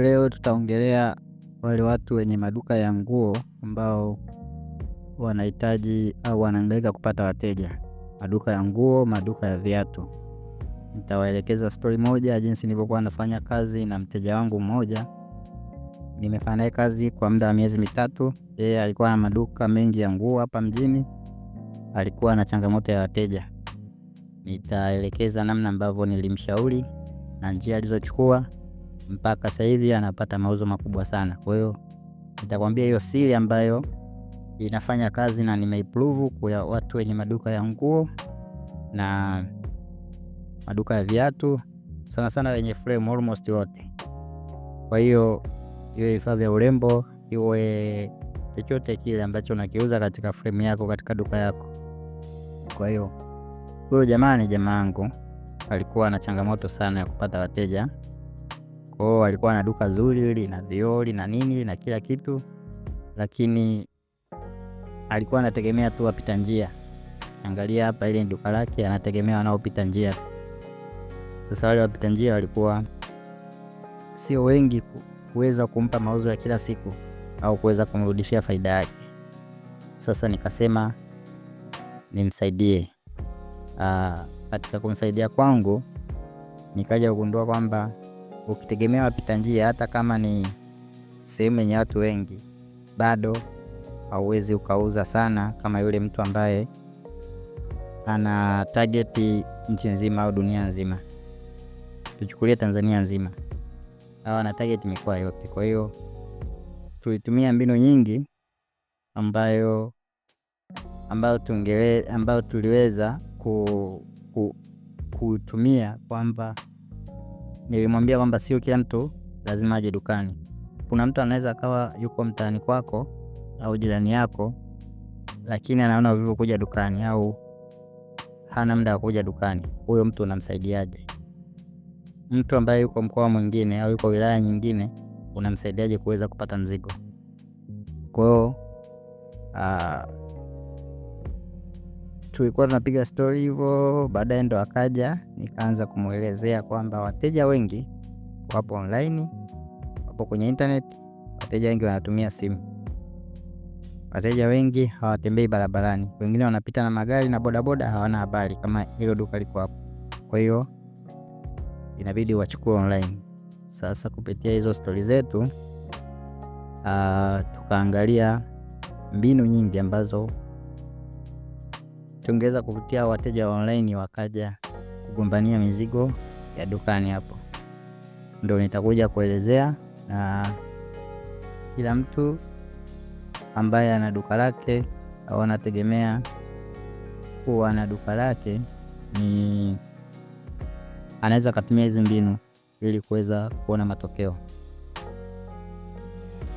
leo tutaongelea wale watu wenye maduka ya nguo ambao wanahitaji au wanahangaika kupata wateja, maduka ya nguo, maduka ya viatu. Nitawaelekeza stori moja jinsi nilivyokuwa nafanya kazi na mteja wangu mmoja. Nimefanya naye kazi kwa muda wa miezi mitatu. Yeye alikuwa na maduka mengi ya nguo hapa mjini, alikuwa na changamoto ya wateja. Nitaelekeza namna ambavyo nilimshauri na njia alizochukua mpaka sasa hivi anapata mauzo makubwa sana. Kwa hiyo nitakwambia hiyo siri ambayo inafanya kazi na nimeiprove kwa watu wenye maduka ya nguo na maduka ya viatu sana sana wenye frame almost wote. Kwa hiyo iwe vifaa vya urembo, iwe chochote kile ambacho unakiuza katika frame yako, katika duka yako. Kwa hiyo huyo jamani jamaa yangu, alikuwa na changamoto sana ya kupata wateja kwao. Alikuwa na duka zuri na dioli na nini na kila kitu, lakini alikuwa anategemea tu wapita njia. Angalia hapa, ile duka lake anategemea wanaopita njia. Sasa wale wapita njia walikuwa sio wengi kuweza kumpa mauzo ya kila siku au kuweza kumrudishia faida yake. Sasa nikasema nimsaidie. Katika kumsaidia kwangu nikaja kugundua kwamba ukitegemea wapita njia, hata kama ni sehemu yenye watu wengi, bado hauwezi ukauza sana kama yule mtu ambaye ana tageti nchi nzima au dunia nzima. Tuchukulie Tanzania nzima, hawa ana tageti mikoa yote. Kwa hiyo tulitumia mbinu nyingi ambayo ambayo tungewe ambayo tuliweza ku, ku, kutumia kwamba Nilimwambia kwamba sio kila mtu lazima aje dukani. Kuna mtu anaweza akawa yuko mtaani kwako au jirani yako, lakini anaona uvivu kuja dukani au hana muda wa kuja dukani. Huyo mtu unamsaidiaje? Mtu ambaye yuko mkoa mwingine au yuko wilaya nyingine, unamsaidiaje kuweza kupata mzigo? Kwa hiyo ah, tulikuwa tunapiga stori hivyo, baadaye ndo akaja nikaanza kumwelezea kwamba wateja wengi wapo online, wapo kwenye internet, wateja wengi wanatumia simu, wateja wengi hawatembei barabarani, wengine wanapita na magari na bodaboda, hawana habari kama hilo duka liko hapo. Kwa hiyo inabidi wachukue online. Sasa kupitia hizo stori zetu, uh, tukaangalia mbinu nyingi ambazo tungeweza kuvutia wateja wa online wakaja kugombania mizigo ya dukani. Hapo ndo nitakuja kuelezea, na kila mtu ambaye ana duka lake au anategemea kuwa na duka lake ni anaweza akatumia hizi mbinu ili kuweza kuona matokeo.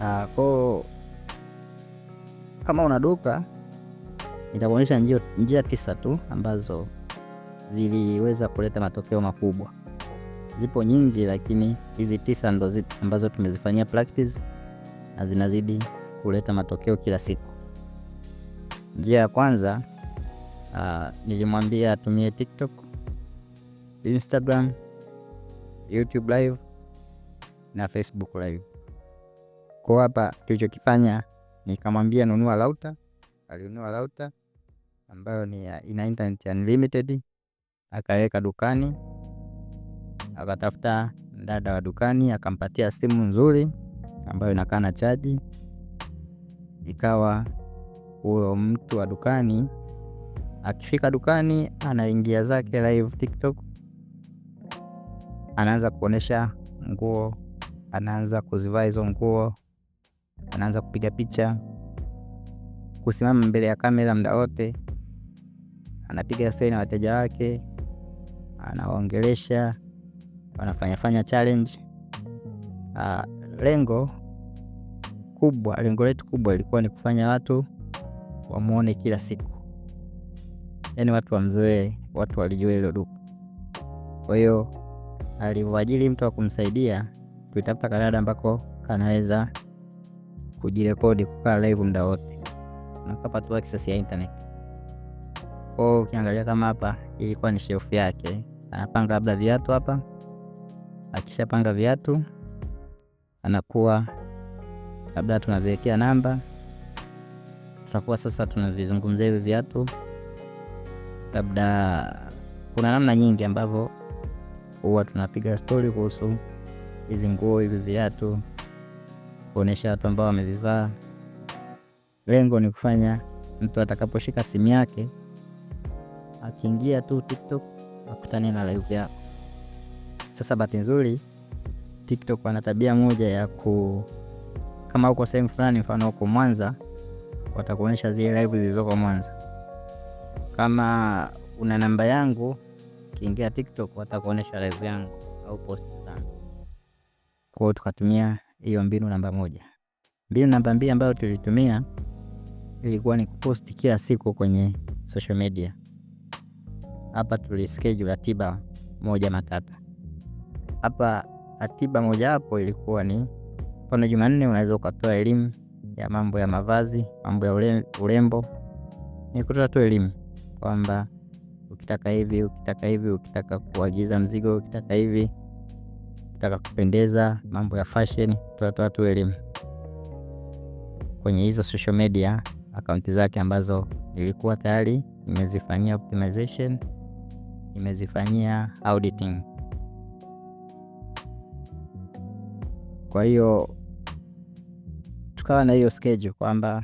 Aa, ah, kama una duka Nitakuonyesha njia, njia tisa tu ambazo ziliweza kuleta matokeo makubwa. Zipo nyingi, lakini hizi tisa ndo ambazo tumezifanyia practice na zinazidi kuleta matokeo kila siku. Njia ya kwanza uh, nilimwambia atumie TikTok, Instagram, YouTube live na Facebook live. Kwa hapa tulichokifanya nikamwambia nunua router, alinunua router ambayo ni ina internet unlimited, akaweka dukani, akatafuta mdada wa dukani, akampatia simu nzuri ambayo inakaa na chaji. Ikawa huyo mtu wa dukani akifika dukani, anaingia zake live TikTok, anaanza kuonesha nguo, anaanza kuzivaa hizo nguo, anaanza kupiga picha, kusimama mbele ya kamera muda wote anapiga stori na wateja wake, anawaongelesha, wanafanyafanya challenge. Uh, lengo kubwa, lengo letu kubwa ilikuwa ni kufanya watu wamuone kila siku, yaani watu wamzoee, watu walijua hilo duka. Kwa hiyo alivyoajiri mtu wa kumsaidia, tulitafuta kanada ambako kanaweza kujirekodi kukaa live muda wote na access ya internet. Kwao ukiangalia kama hapa, ilikuwa ni shelf yake, anapanga labda viatu hapa. Akishapanga viatu, anakuwa labda tunaviwekea namba, tutakuwa sasa tunavizungumzia hivi viatu. Labda kuna namna nyingi ambavyo huwa tunapiga stori kuhusu hizi nguo, hivi viatu, kuonyesha watu ambao wamevivaa. Lengo ni kufanya mtu atakaposhika simu yake akiingia tu TikTok akutane na live yako. Sasa bahati nzuri TikTok ana tabia moja ya ku, kama uko sehemu fulani, mfano uko Mwanza, watakuonyesha zile live zilizoko Mwanza. Kama una namba yangu, kiingia TikTok watakuonyesha live yangu au post zangu. Kwa hiyo tukatumia hiyo mbinu namba moja. Mbinu namba mbili ambayo tulitumia ilikuwa ni kuposti kila siku kwenye social media hapa tulischedule ratiba moja matata. Hapa ratiba moja hapo ilikuwa ni mfano, Jumanne unaweza ukatoa elimu ya mambo ya mavazi, mambo ya urembo, ni kutoa tu elimu kwamba ukitaka hivi, ukitaka hivi, ukitaka kuagiza mzigo, ukitaka hivi, ukitaka kupendeza, mambo ya fashion, tunatoa tu elimu kwenye hizo social media akaunti zake ambazo nilikuwa tayari nimezifanyia optimization imezifanyia auditing. Kwa hiyo tukawa na hiyo schedule kwamba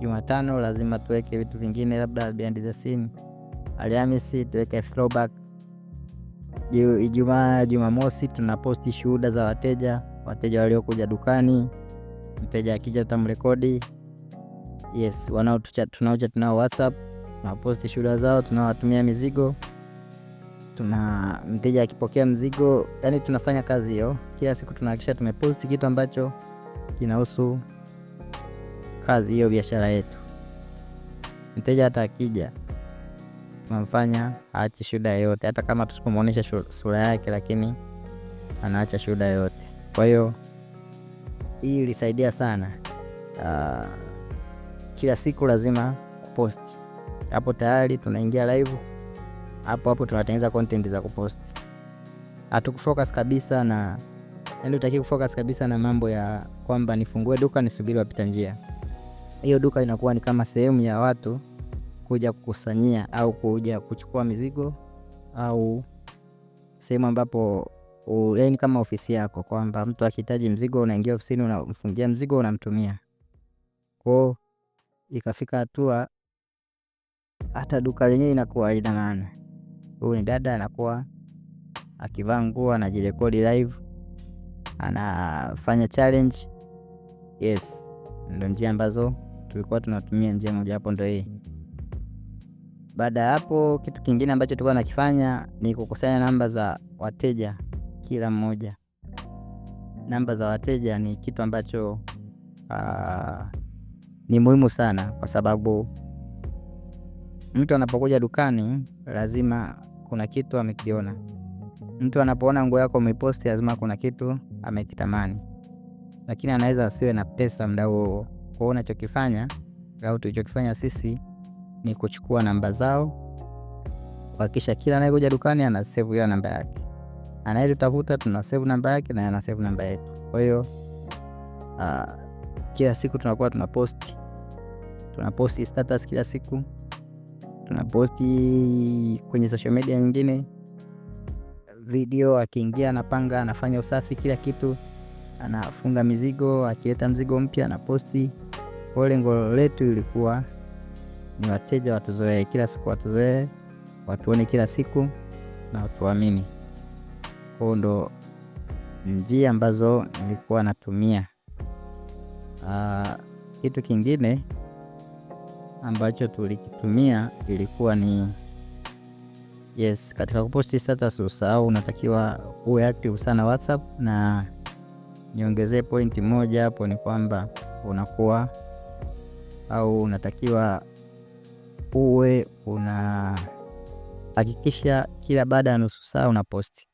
Jumatano lazima tuweke vitu vingine, labda behind the scene. Alhamisi tuweke throwback. Ijumaa, Jumamosi tunaposti shuhuda za wateja, wateja waliokuja dukani, mteja akija tutamrekodi. Yes, tunao tunao WhatsApp, tunaposti shuhuda zao, tunawatumia mizigo tuna mteja akipokea mzigo, yani tunafanya kazi hiyo kila siku, tunahakikisha tumeposti kitu ambacho kinahusu kazi hiyo, biashara yetu. Mteja hata akija tunamfanya aache shuhuda yoyote, hata kama tusipomwonyesha sura yake, lakini anaacha shuhuda yoyote. Kwa hiyo hii ilisaidia sana. Uh, kila siku lazima kuposti, hapo tayari tunaingia live hapo hapo tunatengeneza content za kupost. Hatukufocus kabisa na ndio yaani utaki kufocus kabisa na mambo ya kwamba nifungue duka nisubiri wapita njia. Hiyo duka inakuwa ni kama sehemu ya watu kuja kukusanyia au kuja kuchukua mizigo au sehemu ambapo yaani kama ofisi yako, kwamba mtu akihitaji mzigo unaingia ofisini, unamfungia mzigo, unamtumia Kwa Ikafika hatua hata duka lenyewe inakuwa lina maana. Huyu ni dada anakuwa akivaa nguo anajirekodi live, anafanya challenge. Yes, ndo njia ambazo tulikuwa tunatumia, njia moja hapo ndo hii. Baada ya hapo, kitu kingine ambacho tulikuwa nakifanya ni kukusanya namba za wateja kila mmoja. Namba za wateja ni kitu ambacho uh, ni muhimu sana, kwa sababu mtu anapokuja dukani lazima kuna kitu amekiona. Mtu anapoona nguo yako umeposti, lazima kuna kitu amekitamani, lakini anaweza asiwe na pesa mda huo. Kwao unachokifanya au tulichokifanya sisi ni kuchukua namba zao kuhakikisha kila anayekuja dukani ana save hiyo namba yake, anayetutafuta tuna save namba yake na ana save namba yetu. Kwa hiyo uh, kila siku tunakuwa tunaposti tunaposti status kila siku tunaposti kwenye social media nyingine video, akiingia anapanga, anafanya usafi, kila kitu, anafunga mizigo, akileta mzigo mpya anaposti. Kwa lengo letu ilikuwa ni wateja watuzoee kila siku, watuzoee, watuone kila siku na watuamini. Kwao ndo njia ambazo nilikuwa natumia. Aa, kitu kingine ambacho tulikitumia ilikuwa ni yes, katika kuposti status usahau, unatakiwa uwe active sana WhatsApp. Na niongezee pointi moja hapo ni kwamba unakuwa au unatakiwa uwe una hakikisha kila baada ya nusu saa una posti,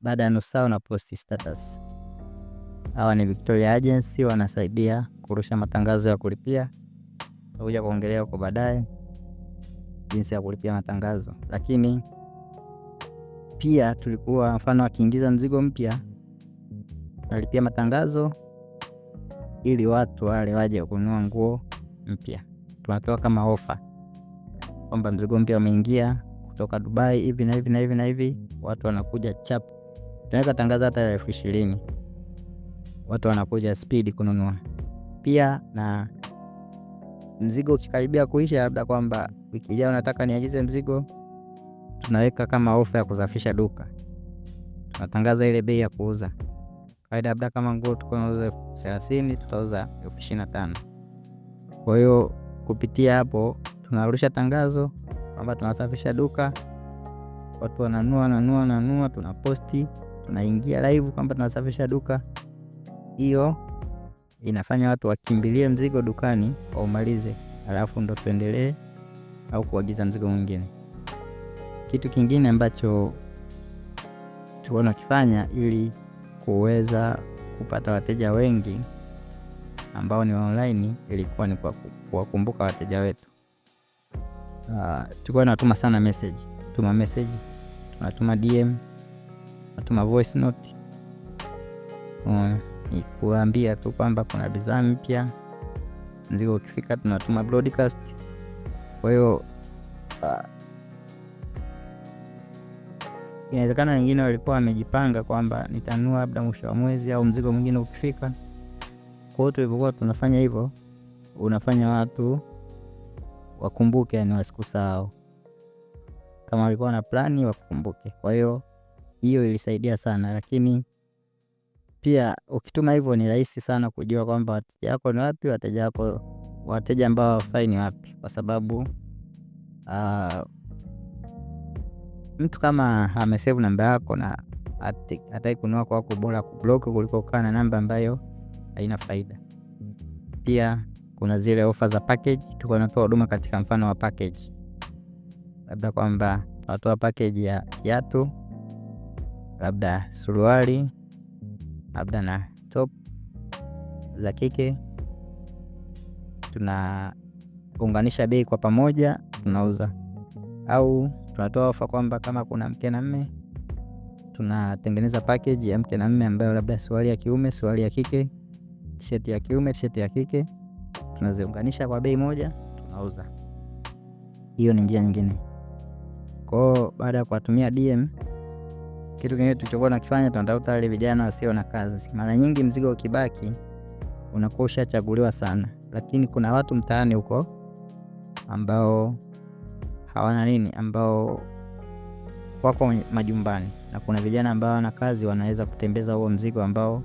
baada ya nusu saa una posti status. Hawa ni Victoria Agency wanasaidia kurusha matangazo ya kulipia. Nakuja kuongelea huko baadaye jinsi ya kulipia matangazo, lakini pia tulikuwa mfano akiingiza mzigo mpya nalipia matangazo ili watu wale waje kununua nguo mpya. Tunatoa kama ofa kwamba mzigo mpya umeingia kutoka Dubai hivi na hivi na hivi na hivi, watu wanakuja chap, tunaweka tangazo hata elfu ishirini watu wanakuja spidi kununua. Pia na mzigo ukikaribia kuisha, labda kwamba wiki ijayo nataka niagize mzigo, tunaweka kama ofa ya kusafisha duka, tunatangaza ile bei ya kuuza kawaida. Labda kama nguo tulikuwa nauza elfu thelathini tutauza elfu ishirini na tano. Kwa hiyo kupitia hapo tunarusha tangazo kwamba tunasafisha duka, watu wananua nanua wananua, tunaposti, tunaingia live kwamba tunasafisha duka hiyo inafanya watu wakimbilie mzigo dukani waumalize, alafu ndo tuendelee au kuagiza mzigo mwingine. Kitu kingine ambacho tuona kifanya ili kuweza kupata wateja wengi ambao ni wa online ilikuwa ni kuwakumbuka wateja wetu. Uh, tulikuwa tunatuma sana message, tuma message, tunatuma DM, tunatuma voice note ni kuambia tu kwamba kuna bidhaa mpya mzigo ukifika tunatuma broadcast. Kwa hiyo uh, inawezekana wengine walikuwa wamejipanga kwamba nitanua labda mwisho wa mwezi au mzigo mwingine ukifika. Kwa hiyo tulivyokuwa tunafanya hivyo, unafanya watu wakumbuke, yani wasikusahau, kama walikuwa na plani wakumbuke. Kwa hiyo hiyo ilisaidia sana, lakini pia ukituma hivyo ni rahisi sana kujua kwamba wateja wako ni wapi, wateja wako wateja ambao wafai ni wapi, kwa sababu uh, mtu kama amesevu namba yako na hataki kunua kwako, bora kublock kuliko kukaa na namba ambayo haina faida. Pia kuna zile ofa za package, tuko tunatoa huduma katika mfano wa package, labda kwamba natoa package ya kiatu, labda suruali labda na top za kike, tunaunganisha bei kwa pamoja, tunauza au tunatoa ofa kwamba kama kuna mke na mme tunatengeneza package ya mke na mme ambayo labda suruali ya kiume, suruali ya kike, tisheti ya kiume, tisheti ya kike, tunaziunganisha kwa bei moja, tunauza. Hiyo ni njia nyingine. Kwao baada ya kuwatumia DM kitu kingine tulichokuwa nakifanya, tunatafuta wale vijana wasio na kazi. Mara nyingi mzigo ukibaki unakuwa ushachaguliwa sana, lakini kuna watu mtaani huko ambao hawana nini, ambao wako majumbani, na kuna vijana ambao wana kazi, wanaweza kutembeza huo mzigo ambao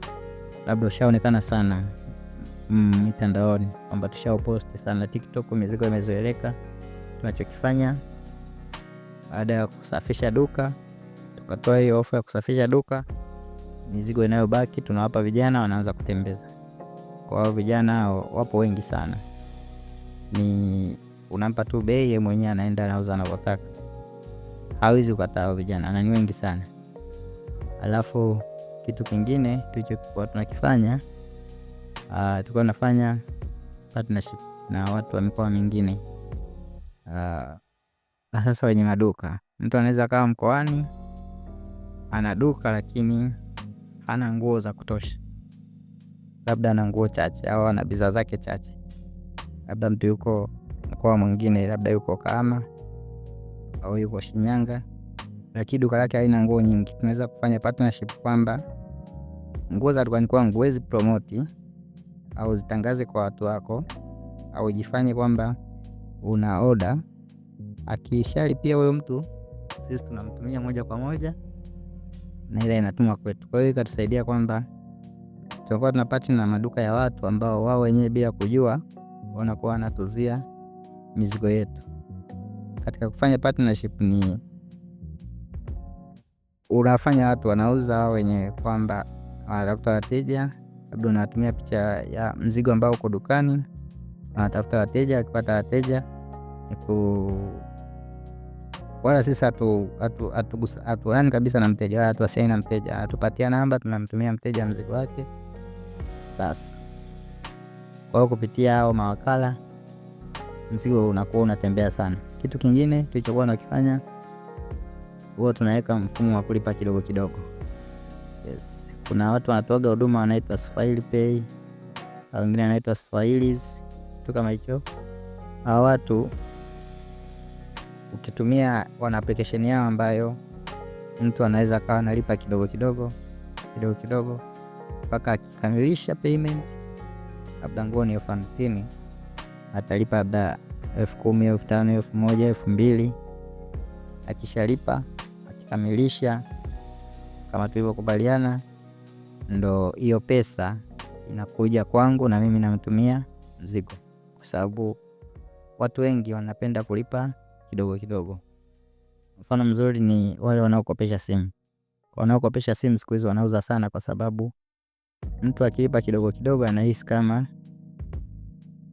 labda ushaonekana sana mm, mitandaoni mm, kwamba tushauposti sana TikTok, mizigo imezoeleka. Tunachokifanya baada ya kusafisha duka tukatoa hiyo ofa ya kusafisha duka, mizigo inayobaki tunawapa vijana, wanaanza kutembeza. Kwa hiyo vijana wapo wengi sana, ni unampa tu bei, yeye mwenyewe anaenda anauza anavyotaka, hawezi kukataa. Vijana na ni wengi sana. Alafu kitu kingine tulichokuwa tunakifanya uh, tulikuwa tunafanya partnership na watu wa mikoa mingine uh, sasa wenye maduka, mtu anaweza kawa mkoani ana duka lakini hana nguo za kutosha, labda ana nguo chache au ana bidhaa zake chache. Labda mtu yuko mkoa mwingine, labda yuko Kahama au yuko Shinyanga, lakini duka lake haina nguo nyingi. Tunaweza kufanya partnership kwamba nguo za dukani kwangu huwezi promoti au zitangaze kwa watu wako, au jifanye kwamba una oda. Akishalipia huyo mtu, sisi tunamtumia moja kwa moja na ile inatumwa kwetu. Kwa hiyo ikatusaidia kwamba tunakuwa tunapata na maduka ya watu ambao wao wenyewe bila kujua wanakuwa wanatuzia mizigo yetu. Katika kufanya partnership ni unafanya watu wanauza wao wenyewe, kwamba wanatafuta wateja, labda unatumia picha ya mzigo ambao uko dukani, wanatafuta wateja, wakipata wateja ku wala sisi hatuani kabisa na mteja wala hatuwasiliani na mteja, atupatia namba, tunamtumia mteja mzigo wake basi. Kwa hiyo kupitia hao mawakala mzigo unakuwa unatembea sana. Kitu kingine tulichokuwa nakifanya huwa tunaweka mfumo wa kulipa kidogo kidogo. Yes, kuna watu wanatoaga huduma wanaitwa Swahili Pay au wengine wanaitwa Swahilis, kitu kama hicho. Hawa watu ukitumia wana application yao ambayo mtu anaweza akawa analipa kidogo kidogo kidogo kidogo mpaka akikamilisha payment, labda nguo ni elfu hamsini atalipa labda elfu kumi elfu tano elfu moja elfu mbili Akishalipa akikamilisha kama tulivyokubaliana, ndo hiyo pesa inakuja kwangu na mimi namtumia mzigo, kwa sababu watu wengi wanapenda kulipa kidogo kidogo. Mfano mzuri ni wale wanaokopesha simu. Wanaokopesha simu siku hizi wanauza sana, kwa sababu mtu akilipa kidogo kidogo anahisi kama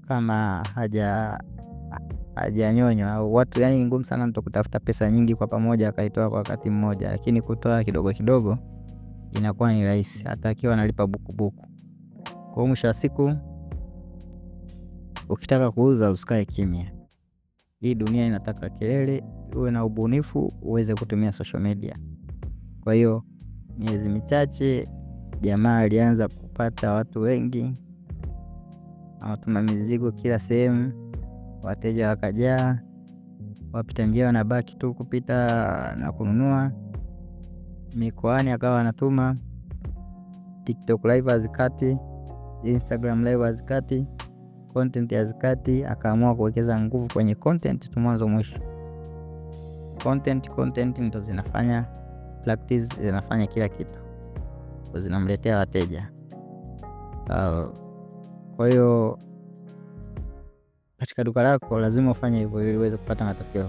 kama haja hajanyonywa au watu, yani ni ngumu sana mtu kutafuta pesa nyingi kwa pamoja akaitoa kwa wakati mmoja, lakini kutoa kidogo kidogo inakuwa ni rahisi, hata akiwa analipa bukubuku. Kwa mwisho wa siku, ukitaka kuuza usikae kimya. Hii dunia inataka kelele, uwe na ubunifu, uweze kutumia social media. Kwa hiyo miezi michache jamaa alianza kupata watu wengi, anatuma mizigo kila sehemu, wateja wakajaa, wapita njia wanabaki tu kupita na kununua. Mikoani akawa anatuma TikTok live azikati, Instagram live azikati, content ya zikati akaamua kuwekeza nguvu kwenye content tu mwanzo mwisho. Content, content ndo zinafanya practice, zinafanya kila kitu, zinamletea wateja. Kwa hiyo katika duka lako lazima ufanye hivyo ili uweze kupata matokeo.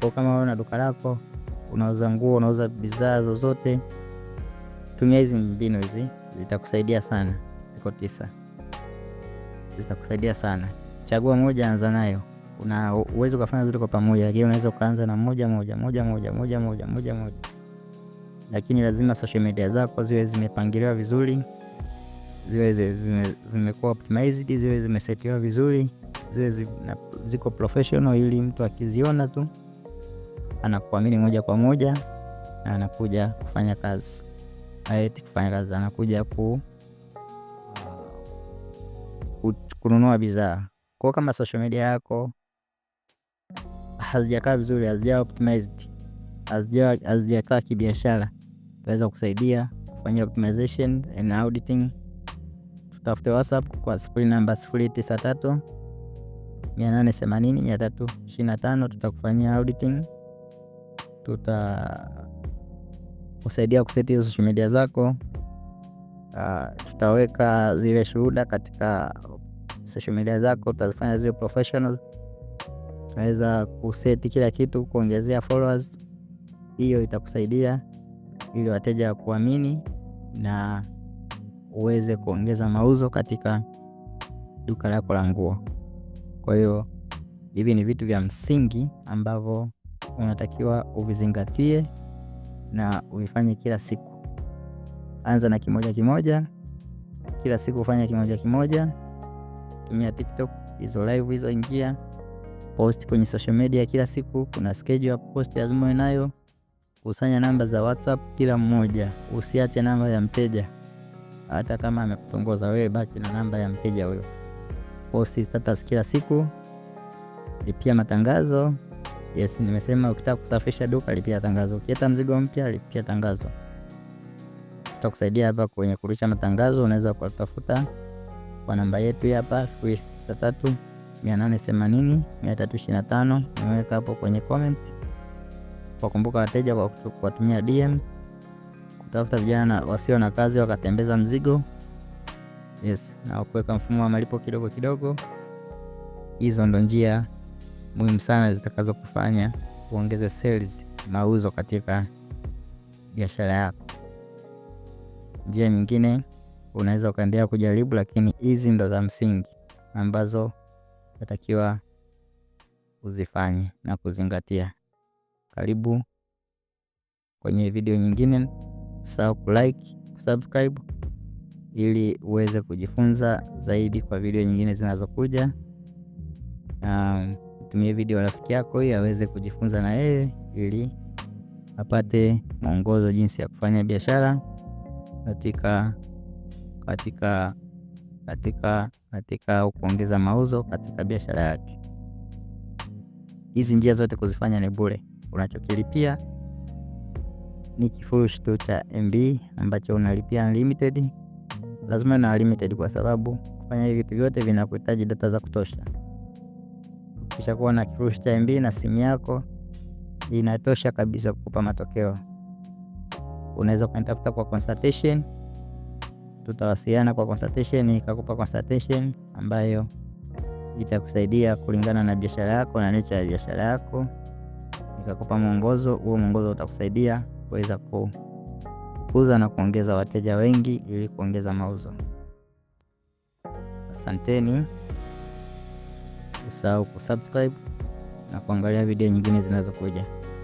Kwa kama wewe una duka lako, unauza nguo, unauza bidhaa zozote, tumia hizi mbinu, hizi zitakusaidia sana. Ziko tisa zitakusaidia sana. Chagua moja, anza nayo. Una uwezo ukafanya zote kwa pamoja, lakini unaweza ukaanza na moja moja moja moja moja moja moja moja, lakini lazima social media zako ziwe zimepangiliwa vizuri, ziwe zimekuwa optimized, ziwe zimesetiwa vizuri, ziwe ziko professional, ili mtu akiziona tu anakuamini moja kwa moja na anakuja kufanya kazi anakuja ku kununua bidhaa. Kwa kama social media yako hazijakaa vizuri, hazija optimized, hazijakaa kibiashara, tutaweza kusaidia kufanya optimization and auditing. Tutafute WhatsApp kwa sifuri namba sifuri tisa tatu tatu mia mia nane themanini 093 na tano tutakufanyia auditing, tuta kusaidia kuseti hizo social media zako. Uh, tutaweka zile shuhuda katika social media zako, utazifanya ziwe professional. Unaweza kuseti kila kitu, kuongezea followers, hiyo itakusaidia ili wateja wakuamini na uweze kuongeza mauzo katika duka lako la nguo. Kwa hiyo hivi ni vitu vya msingi ambavyo unatakiwa uvizingatie na uvifanye kila siku. Anza na kimoja kimoja, kila siku ufanya kimoja kimoja, tumia TikTok, hizo live hizo, ingia post kwenye social media kila siku. Kuna schedule ya post lazima uwe nayo. Kusanya namba za WhatsApp kila mmoja, usiache namba ya mteja. Hata kama amekutongoza wewe, baki na namba ya mteja huyo. Post status kila siku, lipia matangazo. Yes, nimesema ukitaka kusafisha duka lipia tangazo, ukileta mzigo mpya lipia tangazo. Tutakusaidia hapa kwenye kurusha matangazo, unaweza kutafuta kwa namba yetu hapa 0663 880 325. Nimeweka hapo kwenye comment kwa kumbuka wateja kwa kuwatumia DMs kutafuta vijana wasio na kazi wakatembeza mzigo. Yes, na kuweka mfumo wa malipo kidogo kidogo. Hizo ndo njia muhimu sana zitakazo kufanya uongeze sales, mauzo katika biashara yako. Njia nyingine unaweza ukaendelea kujaribu, lakini hizi ndo za msingi ambazo natakiwa uzifanye na kuzingatia. Karibu kwenye video nyingine, usahau kulike, kusubscribe ili uweze kujifunza zaidi kwa video nyingine zinazokuja. Um, tumie video rafiki yako ili aweze kujifunza na yeye ili apate mwongozo jinsi ya kufanya biashara katika katika katika katika kuongeza mauzo katika biashara yake. Hizi njia zote kuzifanya ni bure. Unachokilipia ni kifurushi tu cha MB ambacho unalipia unlimited. Lazima na unlimited kwa sababu kufanya hivi vitu vyote vinakuhitaji data za kutosha. Kisha kuwa na kifurushi cha MB na simu yako inatosha kabisa kukupa matokeo. Unaweza kunitafuta kwa consultation tutawasiliana kwa consultation, ikakupa consultation ambayo itakusaidia kulingana na biashara yako na nature ya biashara yako. Nikakupa mwongozo, huo mwongozo utakusaidia kuweza kukuza na kuongeza wateja wengi ili kuongeza mauzo. Asanteni, usahau kusubscribe na kuangalia video nyingine zinazokuja.